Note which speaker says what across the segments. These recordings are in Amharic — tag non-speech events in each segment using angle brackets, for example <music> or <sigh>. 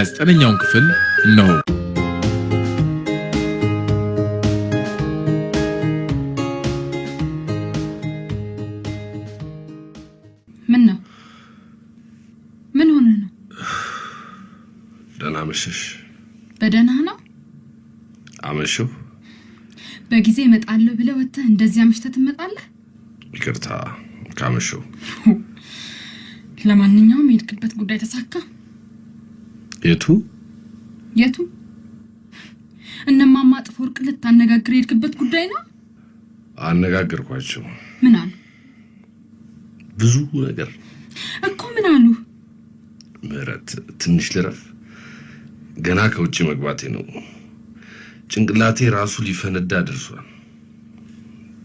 Speaker 1: 29ኛውን ክፍል ነው። ምን ነው? ምን ሆነ ነው?
Speaker 2: ደህና መሸሽ። በደህና ነው አመሸሁ።
Speaker 1: በጊዜ እመጣለሁ ብለህ ወጥተህ እንደዚህ አምሽተህ ትመጣለህ?
Speaker 2: ይቅርታ ካመሸሁ።
Speaker 1: ለማንኛውም የሄድክበት ጉዳይ ተሳካ? የቱ የቱ? እነማማ ወርቅ ልታነጋግር የሄድክበት ጉዳይ ነው?
Speaker 2: አነጋግርኳቸው። ምን አሉ? ብዙ ነገር እኮ። ምን አሉ? ምህረት፣ ትንሽ ልረፍ። ገና ከውጭ መግባቴ ነው። ጭንቅላቴ ራሱ ሊፈነዳ ደርሷል።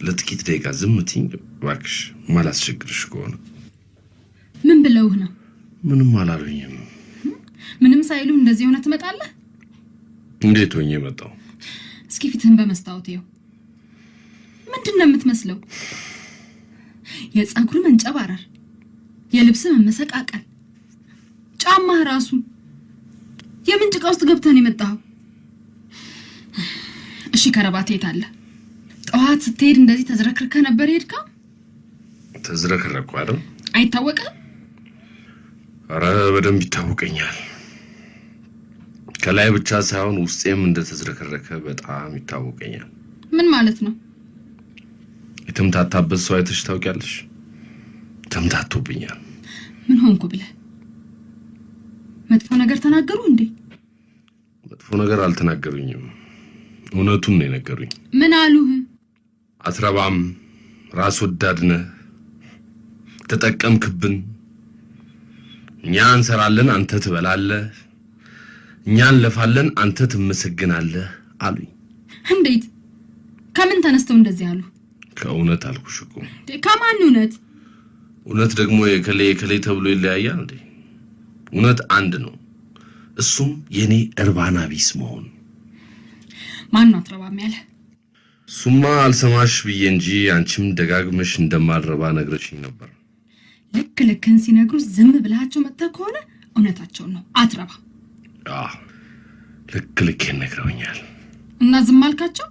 Speaker 2: ለጥቂት ደቂቃ ዝም ትኝ እባክሽ፣ ማላስቸግርሽ ከሆነ
Speaker 1: ምን ብለውህ ነው?
Speaker 2: ምንም አላሉኝም።
Speaker 1: ምንም ሳይሉ እንደዚህ ሆነ ትመጣለህ?
Speaker 2: እንዴት ሆኜ መጣው?
Speaker 1: እስኪ ፊትህን በመስታወት ይው። ምንድን ነው የምትመስለው? የፀጉር መንጨባረር፣ የልብስ መመሰቃቀል፣ ጫማህ ራሱ የምን ጭቃ ውስጥ ገብተን ነው የመጣኸው? እሺ ከረባት የት አለ? ጠዋት ስትሄድ እንደዚህ ተዝረክርከ ነበር የሄድከው?
Speaker 2: ተዝረክረኩ አይደል? አይታወቅም? አረ በደንብ ይታወቀኛል። ከላይ ብቻ ሳይሆን ውስጤም እንደተዝረከረከ በጣም ይታወቀኛል። ምን ማለት ነው? የተምታታበት ሰው አይተሽ ታውቂያለሽ? ተምታቶብኛል።
Speaker 1: ምን ሆንኩ ብለ መጥፎ ነገር ተናገሩ እንዴ?
Speaker 2: መጥፎ ነገር አልተናገሩኝም። እውነቱን ነው የነገሩኝ። ምን አሉህ? አትረባም፣ ራስ ወዳድነህ፣ ተጠቀምክብን፣ እኛ እንሰራለን፣ አንተ ትበላለህ እኛ እንለፋለን፣ አንተ ትመሰግናለህ አሉኝ።
Speaker 1: እንዴት? ከምን ተነስተው እንደዚህ አሉ?
Speaker 2: ከእውነት አልኩሽ እኮ።
Speaker 1: ከማን እውነት?
Speaker 2: እውነት ደግሞ የከሌ የከሌ ተብሎ ይለያያል እንዴ? እውነት አንድ ነው። እሱም የኔ እርባና ቢስ መሆን።
Speaker 1: ማን ነው አትረባም ያለ?
Speaker 2: እሱማ አልሰማሽ ብዬ እንጂ አንቺም ደጋግመሽ እንደማልረባ ነግረሽኝ ነበር።
Speaker 1: ልክ ልክን ሲነግሩ ዝም ብላቸው መጥተህ ከሆነ እውነታቸውን ነው፣ አትረባ
Speaker 2: ልክ ልኬን ነግረውኛል።
Speaker 1: እና ዝም አልካቸው?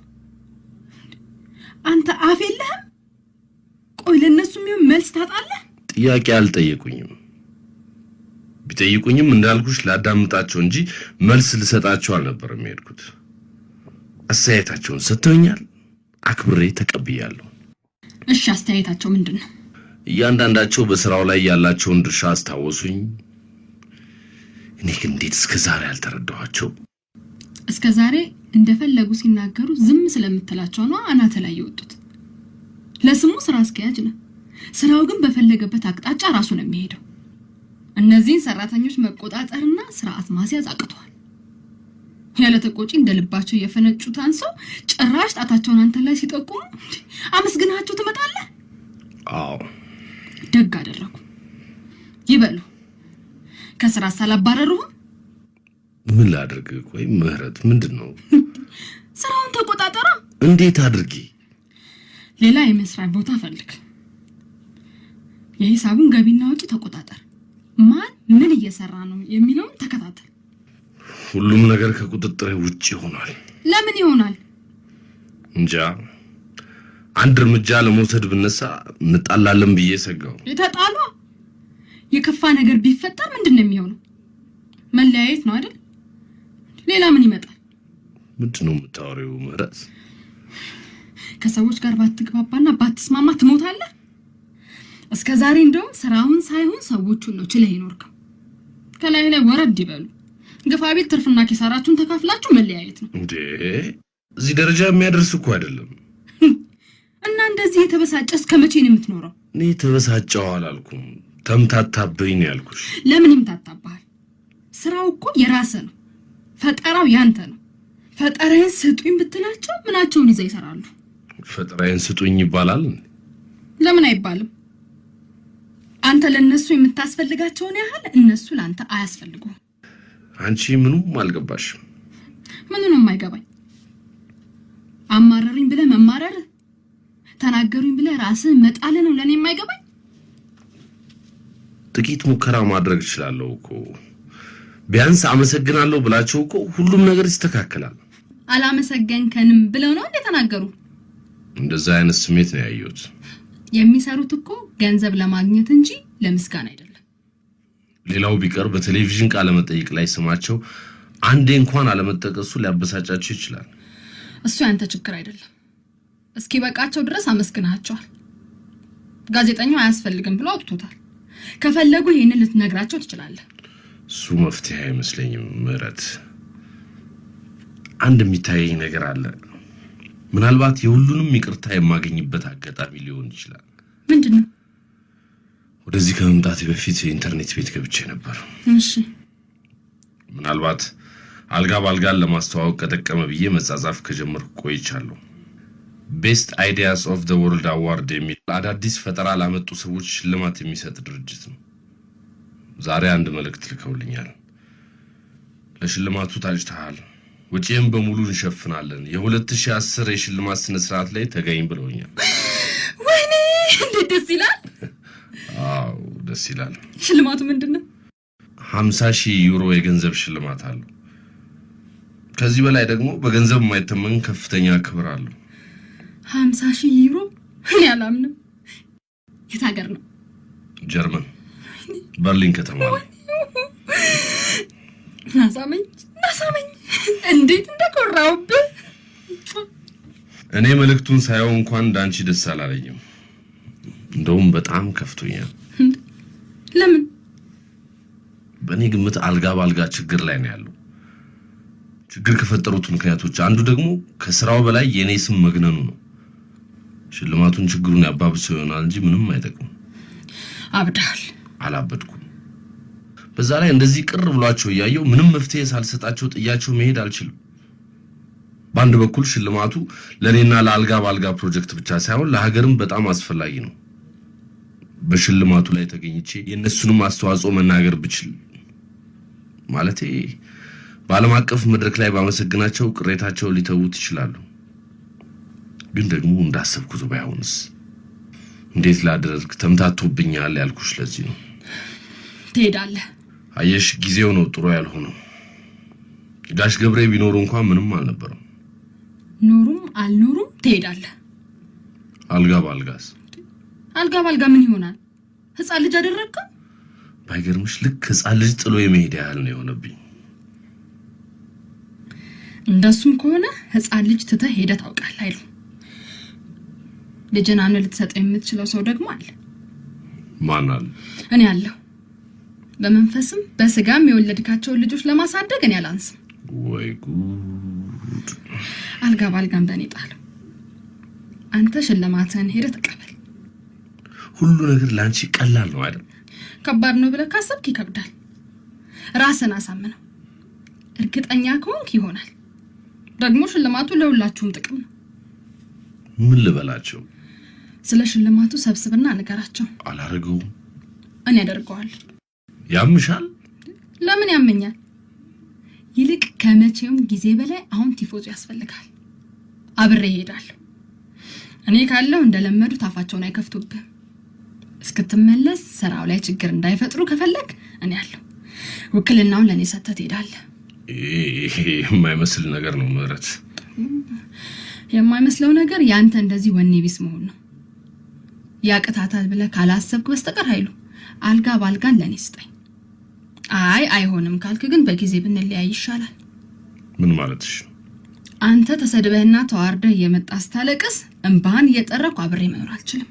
Speaker 1: አንተ አፍ የለህም? ቆይ ለእነሱ የሚሆን መልስ ታጣለህ።
Speaker 2: ጥያቄ አልጠየቁኝም። ቢጠይቁኝም እንዳልኩሽ ላዳምጣቸው እንጂ መልስ ልሰጣቸው አልነበረም የሄድኩት። አስተያየታቸውን ሰጥተውኛል፣ አክብሬ ተቀብያለሁ።
Speaker 1: እሺ አስተያየታቸው ምንድን ነው?
Speaker 2: እያንዳንዳቸው በስራው ላይ ያላቸውን ድርሻ አስታወሱኝ፣ እኔ እንዴት እስከ ዛሬ አልተረዳኋቸው?
Speaker 1: እስከ ዛሬ እንደፈለጉ ሲናገሩ ዝም ስለምትላቸው ነው አናተ ላይ የወጡት። ለስሙ ስራ አስኪያጅ ነው፣ ስራው ግን በፈለገበት አቅጣጫ ራሱ ነው የሚሄደው። እነዚህን ሰራተኞች መቆጣጠርና ስርዓት ማስያዝ አቅቷል። ያለተቆጪ እንደ ልባቸው የፈነጩት አንሰው ጭራሽ ጣታቸውን አንተ ላይ ሲጠቁሙ አመስግናቸው ትመጣለህ። አዎ ደግ አደረጉ ይበሉ። ከስራ ሳላባረሩ
Speaker 2: ምን ላድርግ? ቆይ ምህረት ምንድን ነው? <laughs>
Speaker 1: ስራውን ተቆጣጠራ።
Speaker 2: እንዴት አድርጊ?
Speaker 1: ሌላ የመስሪያ ቦታ ፈልግ፣ የሂሳቡን ገቢና ወጪ ተቆጣጠር፣ ማን ምን እየሰራ ነው የሚለውን ተከታተል።
Speaker 2: ሁሉም ነገር ከቁጥጥር ውጭ ይሆናል።
Speaker 1: ለምን ይሆናል?
Speaker 2: እንጃ። አንድ እርምጃ ለመውሰድ ብነሳ እንጣላለን ብዬ ሰጋው።
Speaker 1: የተጣሉ የከፋ ነገር ቢፈጠር ምንድን ነው የሚሆነው? መለያየት ነው አይደል? ሌላ ምን ይመጣል?
Speaker 2: ምንድን ነው የምታወሪው ምህረት?
Speaker 1: ከሰዎች ጋር ባትግባባና ባትስማማ ትሞታለህ። እስከ ዛሬ እንደውም ስራውን ሳይሆን ሰዎቹን ነው ችለህ ይኖርከው። ከላይ ላይ ወረድ ይበሉ። ግፋ ቤት ትርፍና ኪሳራችሁን ተካፍላችሁ መለያየት ነው እንዴ? እዚህ ደረጃ የሚያደርስ እኮ አይደለም። እና እንደዚህ የተበሳጨ እስከ መቼ ነው የምትኖረው? እኔ ተበሳጨው አላልኩም ተምታታብኝ ነው ያልኩሽ። ለምን ይምታታብሃል? ስራው እኮ የራስ ነው። ፈጠራው ያንተ ነው። ፈጠራዬን ስጡኝ ብትላቸው ምናቸውን ይዘው ይሰራሉ? ፈጠራዬን ስጡኝ ይባላል። ለምን አይባልም? አንተ ለነሱ የምታስፈልጋቸውን ያህል እነሱ ለአንተ አያስፈልጉም። አንቺ ምኑም አልገባሽም። ምኑንም አይገባኝ። አማረሩኝ ብለህ መማረር፣ ተናገሩኝ ብለህ ራስህን መጣል ነው ለእኔ የማይገባኝ። ጥቂት ሙከራ ማድረግ እችላለሁ እኮ ቢያንስ አመሰግናለሁ ብላቸው እኮ ሁሉም ነገር ይስተካከላል። አላመሰገንከንም ብለው ነው እንደተናገሩ። እንደዛ አይነት ስሜት ነው ያየሁት። የሚሰሩት እኮ ገንዘብ ለማግኘት እንጂ ለምስጋና አይደለም። ሌላው ቢቀር በቴሌቪዥን ቃለ መጠይቅ ላይ ስማቸው አንዴ እንኳን አለመጠቀሱ ሊያበሳጫቸው ይችላል። እሱ ያንተ ችግር አይደለም። እስኪ በቃቸው ድረስ አመስግናቸዋል። ጋዜጠኛው አያስፈልግም ብሎ አውጥቶታል። ከፈለጉ ይህንን ልትነግራቸው ትችላለህ። እሱ መፍትሄ አይመስለኝም። ምህረት፣ አንድ የሚታየኝ ነገር አለ። ምናልባት የሁሉንም ይቅርታ የማገኝበት አጋጣሚ ሊሆን ይችላል። ምንድን ነው? ወደዚህ ከመምጣቴ በፊት የኢንተርኔት ቤት ገብቼ ነበር። እሺ፣ ምናልባት አልጋ በአልጋን ለማስተዋወቅ ከጠቀመ ብዬ መጻጻፍ ከጀመርኩ ቆይቻለሁ። ቤስት አይዲያስ ኦፍ ዘ ወርልድ አዋርድ የሚል አዳዲስ ፈጠራ ላመጡ ሰዎች ሽልማት የሚሰጥ ድርጅት ነው። ዛሬ አንድ መልእክት ልከውልኛል። ለሽልማቱ ታጭተሃል፣ ውጪም በሙሉ እንሸፍናለን፣ የ2010 የሽልማት ስነ ስርዓት ላይ ተገኝ ብለውኛል። ወይኔ እንዴት ደስ ይላል! አዎ ደስ ይላል። ሽልማቱ ምንድን ነው? ሀምሳ ሺህ ዩሮ የገንዘብ ሽልማት አለው። ከዚህ በላይ ደግሞ በገንዘብ የማይተመን ከፍተኛ ክብር አለው። ሀምሳ ሺህ ዩሮ እኔ አላምንም። የት ሀገር ነው? ጀርመን በርሊን ከተማ ነው። ናሳመኝ ናሳመኝ፣ እንዴት እንደኮራውብህ። እኔ መልእክቱን ሳየው እንኳን እንዳንቺ ደስ አላለኝም። እንደውም በጣም ከፍቶኛል። ለምን? በእኔ ግምት አልጋ በአልጋ ችግር ላይ ነው ያለው። ችግር ከፈጠሩት ምክንያቶች አንዱ ደግሞ ከስራው በላይ የእኔ ስም መግነኑ ነው። ሽልማቱን ችግሩን ያባብሰው ይሆናል እንጂ ምንም አይጠቅም። አብዳል። አላበድኩም። በዛ ላይ እንደዚህ ቅር ብሏቸው እያየው ምንም መፍትሄ ሳልሰጣቸው ጥያቸው መሄድ አልችልም። በአንድ በኩል ሽልማቱ ለእኔና ለአልጋ በአልጋ ፕሮጀክት ብቻ ሳይሆን ለሀገርም በጣም አስፈላጊ ነው። በሽልማቱ ላይ ተገኝቼ የእነሱንም አስተዋጽኦ መናገር ብችል ማለቴ በዓለም አቀፍ መድረክ ላይ ባመሰግናቸው ቅሬታቸው ሊተዉት ይችላሉ። ግን ደግሞ እንዳሰብኩት ባይሆንስ? እንዴት ላደርግ? ተምታቶብኛል ያልኩሽ ለዚህ ነው። ትሄዳለህ። አየሽ፣ ጊዜው ነው ጥሩ ያልሆነው። ጋሽ ገብሬ ቢኖሩ እንኳን ምንም አልነበረም። ኖሩም አልኖሩም ትሄዳለህ። አልጋ በአልጋስ? አልጋ በአልጋ ምን ይሆናል? ህፃን ልጅ አደረግከው። ባይገርምሽ ልክ ህፃን ልጅ ጥሎ የመሄድ ያህል ነው የሆነብኝ። እንደሱም ከሆነ ህፃን ልጅ ትተህ ሄደህ ታውቃለህ አይሉ ልጅን አምነ ልትሰጠው የምትችለው ሰው ደግሞ አለ። ማን አለ? እኔ አለሁ። በመንፈስም በስጋም የወለድካቸውን ልጆች ለማሳደግ እኔ አላንስም። ወይ ጉድ! አልጋ ባልጋም በእኔ ጣለው። አንተ ሽልማትህን ሄደህ ተቀበል። ሁሉ ነገር ለአንቺ ቀላል ነው አይደል? ከባድ ነው ብለህ ካሰብክ ይከብዳል። ራስን አሳምነው። እርግጠኛ ከሆንክ ይሆናል። ደግሞ ሽልማቱ ለሁላችሁም ጥቅም ነው። ምን ልበላቸው? ስለ ሽልማቱ ሰብስብና ንገራቸው። አላረገውም። እኔ ያደርገዋል። ያምሻል? ለምን ያመኛል? ይልቅ ከመቼውም ጊዜ በላይ አሁን ቲፎዙ ያስፈልጋል። አብሬ ይሄዳለሁ። እኔ ካለው እንደለመዱት አፋቸውን አይከፍቱብህም። እስክትመለስ ስራው ላይ ችግር እንዳይፈጥሩ ከፈለግ እኔ አለው። ውክልናውን ለእኔ ሰተህ ትሄዳለህ። የማይመስል ነገር ነው ምህረት። የማይመስለው ነገር ያንተ እንደዚህ ወኔ ቢስ መሆን ነው። ያቅታታል ብለህ ካላሰብክ በስተቀር ኃይሉ አልጋ በአልጋን ለእኔ ስጠኝ። አይ አይሆንም ካልክ ግን በጊዜ ብንለያይ ይሻላል። ምን ማለትሽ? አንተ ተሰድበህና ተዋርደህ እየመጣ ስታለቅስ እምባህን እየጠረኩ አብሬ መኖር አልችልም።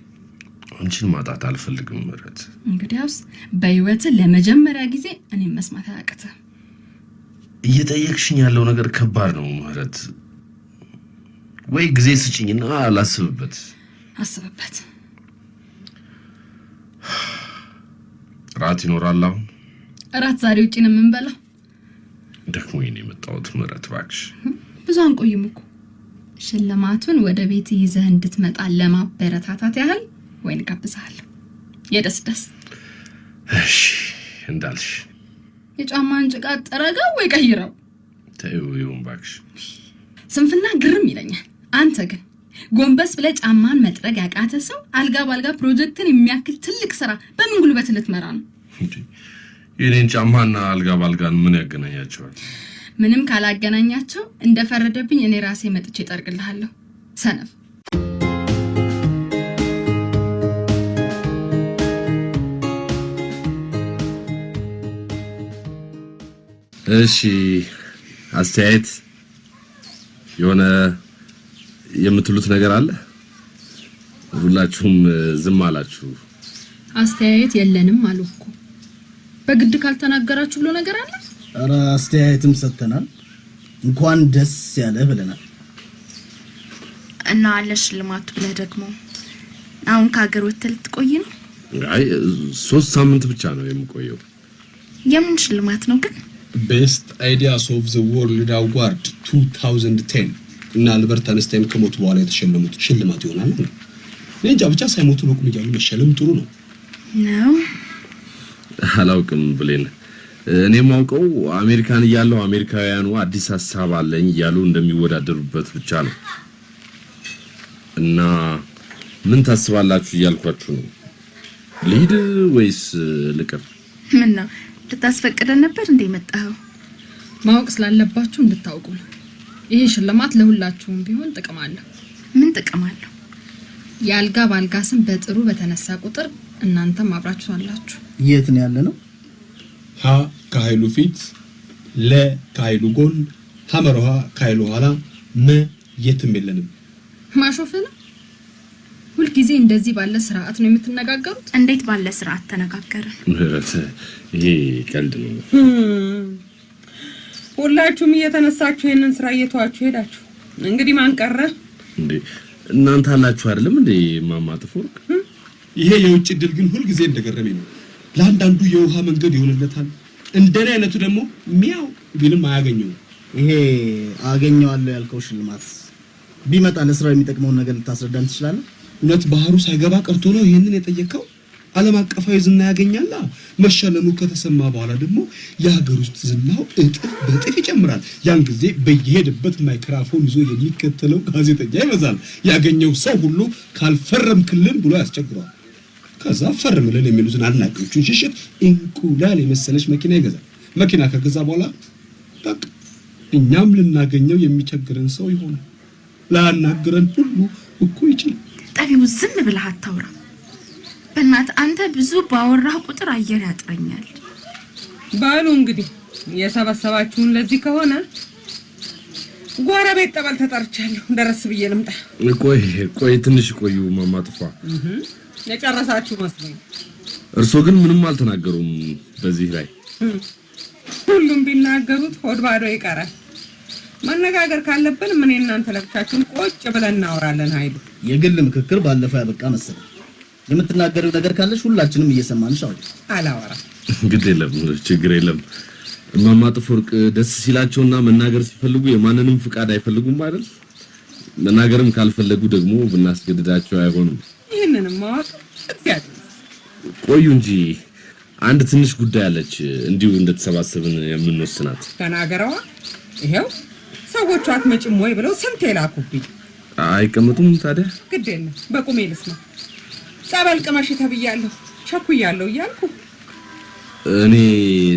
Speaker 1: አንቺን ማጣት አልፈልግም። ምረት እንግዲያውስ በህይወት ለመጀመሪያ ጊዜ እኔም መስማት አያቅትህ። እየጠየቅሽኝ ያለው ነገር ከባድ ነው ምረት። ወይ ጊዜ ስጭኝና አላስብበት። አስብበት እራት ይኖራል። አሁን እራት ዛሬ ውጪ ነው የምንበላው። ደግሞ ነው የመጣሁት። ምረት እባክሽ፣ ብዙ አንቆይም እኮ ሽልማቱን ወደ ቤት ይዘህ እንድትመጣ ለማበረታታት ያህል ወይን ጋብዛለሁ። የደስ ደስ እሺ፣ እንዳልሽ። የጫማን ጭቃ ጠረገው ወይ ቀይረው። ተይው እባክሽ፣ ስንፍና ግርም ይለኛል። አንተ ግን ጎንበስ ብለ ጫማን መጥረግ ያቃተ ሰው አልጋ በአልጋ ፕሮጀክትን የሚያክል ትልቅ ስራ በምን ጉልበት ልትመራ ነው? የኔን ጫማና አልጋ ባልጋን ምን ያገናኛቸዋል? ምንም ካላገናኛቸው እንደፈረደብኝ እኔ ራሴ መጥቼ እጠርግልሃለሁ ሰነፍ። እሺ አስተያየት የሆነ የምትሉት ነገር አለ? ሁላችሁም ዝም አላችሁ። አስተያየት የለንም አሉ እኮ። በግድ ካልተናገራችሁ ብሎ ነገር አለ? ኧረ አስተያየትም ሰጥተናል። እንኳን ደስ ያለ ብለናል። እና አለ ሽልማቱ ብለህ ደግሞ አሁን ከሀገር ወጥተህ ልትቆይ ነው? አይ ሶስት ሳምንት ብቻ ነው የምቆየው። የምን ሽልማት ነው ግን? ቤስት አይዲያስ ኦፍ ዘ ወርልድ አዋርድ 2010 እና አልበርት አንስታይን ከሞቱ በኋላ የተሸለሙት ሽልማት ይሆናል ነው። እኔ እንጃ ብቻ ሳይሞቱ በቁም እያሉ መሸለም ጥሩ ነው ነው አላውቅም ብሌን። እኔ ማውቀው አሜሪካን እያለሁ አሜሪካውያኑ አዲስ ሀሳብ አለኝ እያሉ እንደሚወዳደሩበት ብቻ ነው። እና ምን ታስባላችሁ እያልኳችሁ ነው። ልሂድ ወይስ ልቅር? ምን ነው ልታስፈቅደን ነበር እንዴ መጣኸው? ማወቅ ስላለባችሁ እንድታውቁ ነው። ይሄ ሽልማት ለሁላችሁም ቢሆን ጥቅም አለው። ምን ጥቅም አለው? የአልጋ በአልጋ ስም በጥሩ በተነሳ ቁጥር እናንተም አብራችሁ አላችሁ። የት ነው ያለ ነው? ሀ ከኃይሉ ፊት፣ ለ ከኃይሉ ጎን፣ ሐመርሃ ከኃይሉ ኋላ፣ መ የትም የለንም። ማሾፍ ነው። ሁልጊዜ እንደዚህ ባለ ስርዓት ነው የምትነጋገሩት። እንዴት ባለ ስርዓት ተነጋገረ? ይሄ ቀልድ ነው። ሁላችሁም እየተነሳችሁ ይሄንን ስራ እየተዋችሁ ሄዳችሁ። እንግዲህ ማን ቀረ እንዴ? እናንተ አላችሁ አይደለም እንዴ? ማማ ጥፎወርቅ፣ ይሄ የውጭ ድል ግን ጊዜ እንደገረመኝ ነው። ለአንዳንዱ የውሃ መንገድ ይሆንለታል፣ እንደኔ አይነቱ ደግሞ ሚያው ቢልም አያገኘውም። ይሄ አገኘዋለሁ ያልከው ሽልማት ቢመጣ ለስራው የሚጠቅመውን ነገር ልታስረዳን ትችላለህ? እውነት ባህሩ ሳይገባ ቀርቶ ነው ይሄንን የጠየቀው? ዓለም አቀፋዊ ዝና ያገኛላ። መሸለሙ ከተሰማ በኋላ ደግሞ የሀገር ውስጥ ዝናው እጥፍ በእጥፍ ይጨምራል። ያን ጊዜ በየሄደበት ማይክራፎን ይዞ የሚከተለው ጋዜጠኛ ይበዛል። ያገኘው ሰው ሁሉ ካልፈረምክልን ብሎ ያስቸግረዋል። ከዛ ፈርምልን የሚሉትን አድናቂዎቹን ሽሽት እንቁላል የመሰለች መኪና ይገዛል። መኪና ከገዛ በኋላ በቃ እኛም ልናገኘው የሚቸግረን ሰው ይሆናል። ላናግረን ሁሉ እኮ ይችላል። ጠቢው ዝም ብለህ አታውራ። በእናት አንተ ብዙ ባወራህ ቁጥር አየር ያጥረኛል። በሉ እንግዲህ የሰበሰባችሁን ለዚህ ከሆነ ጎረቤት ጠበል ተጠርቻለሁ። ደረስ ብዬ ልምጣ። ቆይ ቆይ ትንሽ ቆዩ። ማማጥፋ የጨረሳችሁ መስሎኝ። እርሶ ግን ምንም አልተናገሩም በዚህ ላይ። ሁሉም ቢናገሩት ሆድ ባዶ ይቀራል። መነጋገር ካለብን ምን እናንተ ለብቻችሁን ቁጭ ብለን እናወራለን። ኃይሉ የግል ምክክር ባለፈው ያበቃ መሰለኝ። የምትናገረው ነገር ካለሽ ሁላችንም እየሰማንሽ አውሪ። አላወራም፣ ግድ የለም ችግር የለም። እማማ ጥፍወርቅ ደስ ሲላቸውና መናገር ሲፈልጉ የማንንም ፍቃድ አይፈልጉም አይደል? መናገርም ካልፈለጉ ደግሞ ብናስገድዳቸው አይሆንም። ይህንንም ማወቅ ቆዩ እንጂ አንድ ትንሽ ጉዳይ አለች፣ እንዲሁ እንደተሰባሰብን የምንወስናት። ተናገረዋ። ይሄው ሰዎቹ አትመጭም ወይ ብለው ስንት የላኩብኝ። አይቀመጡም ታዲያ? ግድ የለም በቁሜ ልስማ ጸበል ቅመሽ ተብያለሁ ቸኩያለሁ እያልኩ እኔ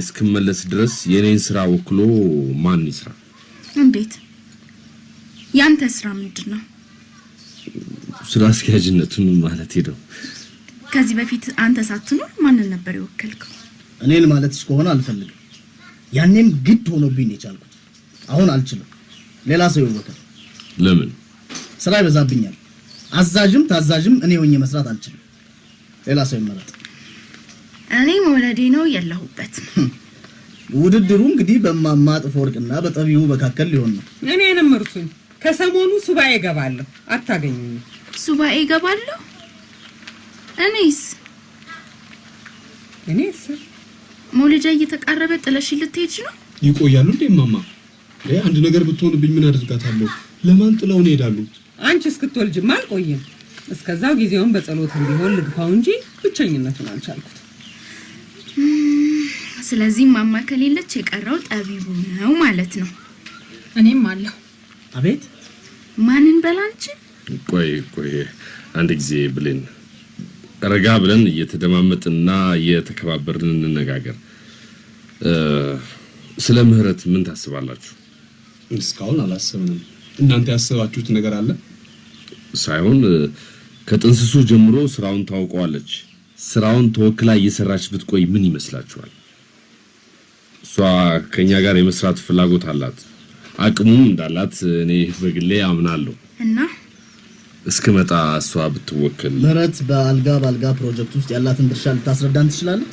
Speaker 1: እስክመለስ ድረስ የኔን ስራ ወክሎ ማን ይስራ? እንዴት? ያንተ ስራ ምንድን ነው? ስራ አስኪያጅነቱን ማለት ሄደው። ከዚህ በፊት አንተ ሳትኖር ማንን ነበር የወከልከው? እኔን ማለት ከሆነ አልፈልግም። ያኔም ግድ ሆኖብኝ የቻልኩት አሁን አልችልም። ሌላ ሰው ይወከል። ለምን? ስራ ይበዛብኛል። አዛዥም ታዛዥም እኔ ሆኜ መስራት አልችልም። ሌላ ሰው ይመረጥ። እኔ መውለዴ ነው የለሁበት። <laughs> ውድድሩ እንግዲህ በማማ ፎርቅና በጠቢው መካከል ሊሆን ነው። እኔንም እርሱኝ። ከሰሞኑ ሱባኤ ገባለሁ። አታገኙኝ። ሱባኤ ገባለሁ። እኔስ እኔስ መውለጃ እየተቃረበ ጥለሽ ልትሄጂ ነው? ይቆያሉ እንዴ ማማ? አንድ ነገር ብትሆንብኝ ምን አድርጋታለሁ? ለማን ጥለውን ይሄዳሉ? አንቺ እስክትወልጅማ አልቆይም። እስከዛው ጊዜውን በጸሎት እንዲሆን ልግፋው እንጂ ብቸኝነቱን አልቻልኩት። ስለዚህ ማማ ከሌለች የቀረው ጠቢቡ ነው ማለት ነው። እኔም አለሁ። አቤት ማንን በላንቺ? ቆይ ቆይ አንድ ጊዜ ብሌን፣ ረጋ ብለን እየተደማመጥንና እየተከባበርን እንነጋገር። ስለ ምህረት ምን ታስባላችሁ? እስካሁን አላሰብንም። እናንተ ያሰባችሁት ነገር አለ ሳይሆን ከጥንስሱ ጀምሮ ስራውን ታውቀዋለች። ስራውን ተወክላ እየሰራች ብትቆይ ምን ይመስላችኋል? እሷ ከኛ ጋር የመስራት ፍላጎት አላት፣ አቅሙም እንዳላት እኔ በግሌ አምናለሁ። እና እስክመጣ እሷ ብትወክል። ምህረት በአልጋ በአልጋ ፕሮጀክት ውስጥ ያላትን ድርሻ ልታስረዳን ትችላለህ?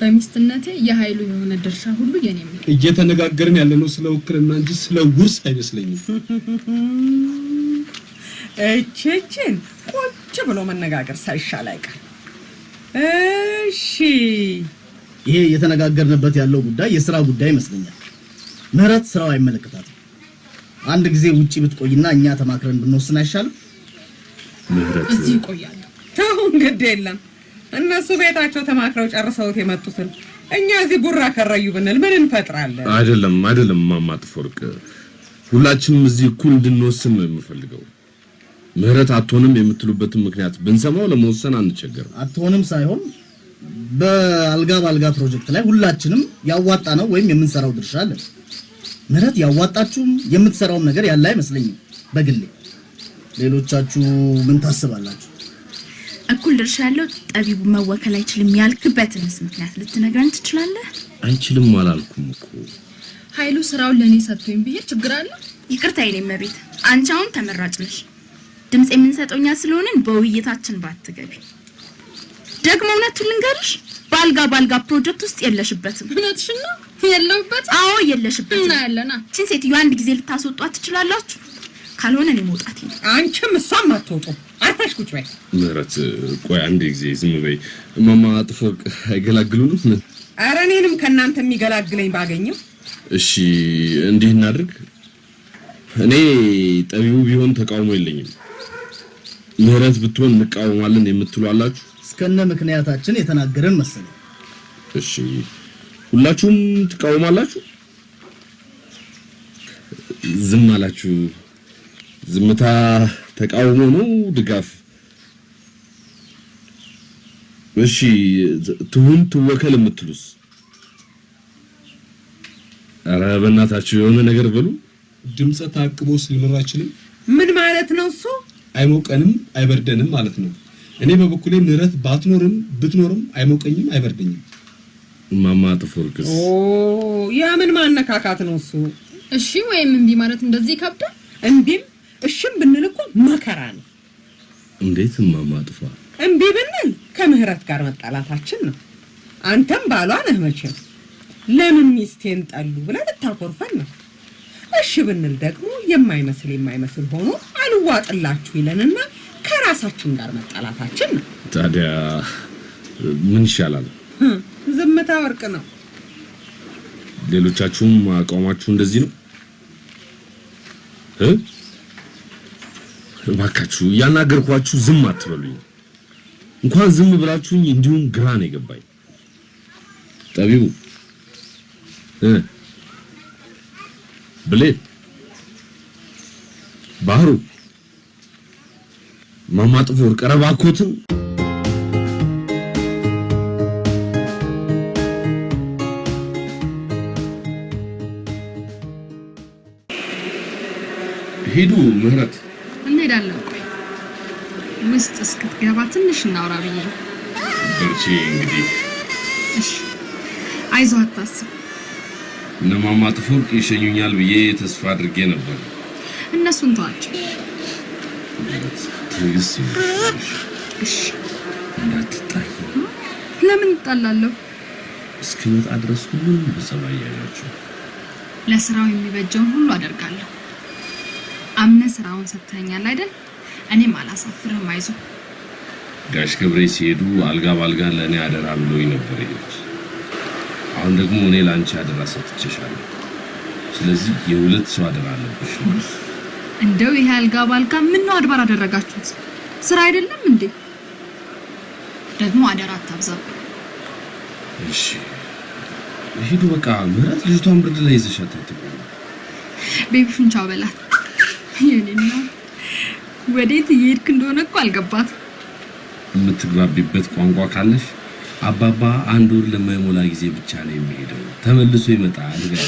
Speaker 1: በሚስትነቴ የኃይሉ የሆነ ድርሻ ሁሉ የኔ ነው። እየተነጋገርን ያለነው ስለ ውክልና እንጂ ስለ ውርስ አይመስለኝም። እችችን ብሎ መነጋገር ሳይሻል አይቀር። እሺ፣ ይሄ የተነጋገርንበት ያለው ጉዳይ የስራ ጉዳይ ይመስለኛል። ምህረት ስራው አይመለከታትም። አንድ ጊዜ ውጪ ብትቆይና እኛ ተማክረን ብንወስን አይሻልም? ምህረት እዚህ ይቆያል። አሁን ግድ የለም። እነሱ ቤታቸው ተማክረው ጨርሰውት የመጡትን እኛ እዚህ ቡራ ከረዩ ብንል ምን እንፈጥራለን? አይደለም አይደለም፣ ማማ አጥፎወርቅ፣ ሁላችንም እዚህ እኩል እንድንወስን ነው የምፈልገው። ምህረት አትሆንም የምትሉበትን ምክንያት ብንሰማው ለመወሰን አንቸገርም። አትሆንም ሳይሆን በአልጋ በአልጋ ፕሮጀክት ላይ ሁላችንም ያዋጣ ነው ወይም የምንሰራው ድርሻ አለ። ምህረት ያዋጣችሁም የምትሰራውም ነገር ያለ አይመስለኝም በግሌ። ሌሎቻችሁ ምን ታስባላችሁ? እኩል ድርሻ ያለው ጠቢቡ መወከል አይችልም ያልክበትንስ ምክንያት ልትነግረን ትችላለህ? አይችልም አላልኩም እኮ ኃይሉ ስራውን ለእኔ ሰጥቶኝ ብሄድ ችግር አለ? ይቅርታ የኔ መቤት፣ አንቺ አሁን ተመራጭ ነሽ። ድምጽ የምንሰጠው እኛ ስለሆንን በውይይታችን ባትገቢ። ደግሞ እውነቱን ልንገርሽ ባልጋ ባልጋ ፕሮጀክት ውስጥ የለሽበትም። እውነትሽን ነው የለሁበት? አዎ የለሽበትም። እና ያለና እቺን ሴትዮ አንድ ጊዜ ልታስወጧት ትችላላችሁ። ካልሆነ እኔ መውጣት ይሄ አንቺም እሷም አትወጡ። አርፈሽ ቁጭ በይ። ምህረት ቆይ አንድ ጊዜ ዝም በይ ማማ። ጥፎቅ አይገላግሉንም። ኧረ እኔንም ከእናንተ የሚገላግለኝ ባገኝም። እሺ እንዲህ እናድርግ። እኔ ጠቢቡ ቢሆን ተቃውሞ የለኝም። ምህረት ብትሆን እንቃወማለን የምትሉ አላችሁ። እስከነ ምክንያታችን የተናገረን መሰለኝ። እሺ ሁላችሁም ትቃወማላችሁ። ዝም አላችሁ። ዝምታ ተቃውሞ ነው ድጋፍ? እሺ ትሁን ትወከል የምትሉስ? ኧረ በእናታችሁ የሆነ ነገር በሉ። ድምፀ ተአቅቦስ ሊኖር አይችልም። ምን ማለት ነው እሱ? አይሞቀንም አይበርደንም ማለት ነው። እኔ በበኩሌ ምህረት ባትኖርም ብትኖርም አይሞቀኝም አይበርደኝም። ማማ ተፈርክስ ያ ምን ማነካካት ነው እሱ? እሺ ወይም እምቢ ማለት እንደዚህ ይከብዳል? እምቢም እሺም ብንል እኮ መከራ ነው። እንዴት ማማ ጥፋ? እምቢ ብንል ከምህረት ጋር መጣላታችን ነው። አንተም ባሏ ነህ መቼም፣ ለምን ሚስቴን ጠሉ ብለህ ልታኮርፈን ነው እሺ ብንል ደግሞ የማይመስል የማይመስል ሆኖ አልዋጥላችሁ ይለንና ከራሳችን ጋር መጣላታችን ነው። ታዲያ ምን ይሻላል? ዝምታ ወርቅ ነው። ሌሎቻችሁም አቋማችሁ እንደዚህ ነው እ እባካችሁ ያናገርኳችሁ ዝም አትበሉኝ። እንኳን ዝም ብላችሁኝ እንዲሁም ግራ ነው የገባኝ ጠቢቡ ብሌ ባህሩ ማማጥፎር ቀረባኮትን ሂዱ ምህረት እንሄዳለን። ቆይ ውስጥ እስክትገባ ትንሽ እናውራ ብዬ በርቺ እንግዲህ። አይዞህ፣ አታስብ እነ ማማ ይሸኙኛል ብዬ ተስፋ አድርጌ ነበር። እነሱን ተዋቸው። ትዕግስት እሺ፣ እንዳትጣይ። ለምን እጣላለሁ? እስክመጣ ድረስ ሁሉም በሰማ እያያቸው ለስራው የሚበጀውን ሁሉ አደርጋለሁ። አምነ ስራውን ሰጥተኛል አይደል? እኔም አላሳፍርህም። አይዞ ጋሽ ገብሬ ሲሄዱ አልጋ ባልጋ ለእኔ አደራ ብሎኝ ነበር። አሁን ደግሞ እኔ ለአንቺ አደራ ሰጥቼሻለሁ። ስለዚህ የሁለት ሰው አደራ አለብሽ። እንደው ይሄ አልጋ ባልጋ ምን ነው አድባር አደረጋችሁት? ስራ አይደለም እንዴ? ደግሞ አደራ አታብዛብ። እሺ ሂዱ በቃ። ምህረት ልጅቷን ብርድ ላይ ይዘሻት አትቆም። ቤቢ ፍንቻ በላት። የኔና ወዴት እየሄድክ እንደሆነ እኮ አልገባት። የምትግባቢበት ቋንቋ ካለሽ አባባ አንድ ወር ለማይሞላ ጊዜ ብቻ ነው የሚሄደው፣ ተመልሶ ይመጣል። ጋ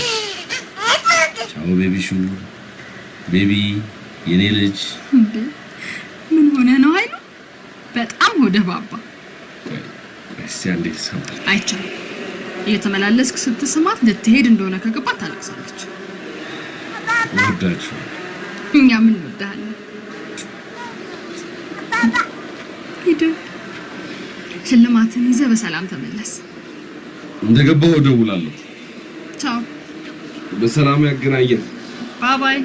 Speaker 1: ቻው ቤቢ ሹ ቤቢ የኔ ልጅ ምን ሆነ ነው አይሉ በጣም ወደ ባባ እስቲ አንዴ ሰው አይቻልም። እየተመላለስክ ስትስማት ልትሄድ እንደሆነ ከገባ ታለቅሳለች። ወዳችሁ እኛ ምን ወዳሃለን ሽልማትን ይዘህ በሰላም ተመለስ። እንደገባሁ እደውላለሁ። ቻው። በሰላም ያገናኘን። ባባይ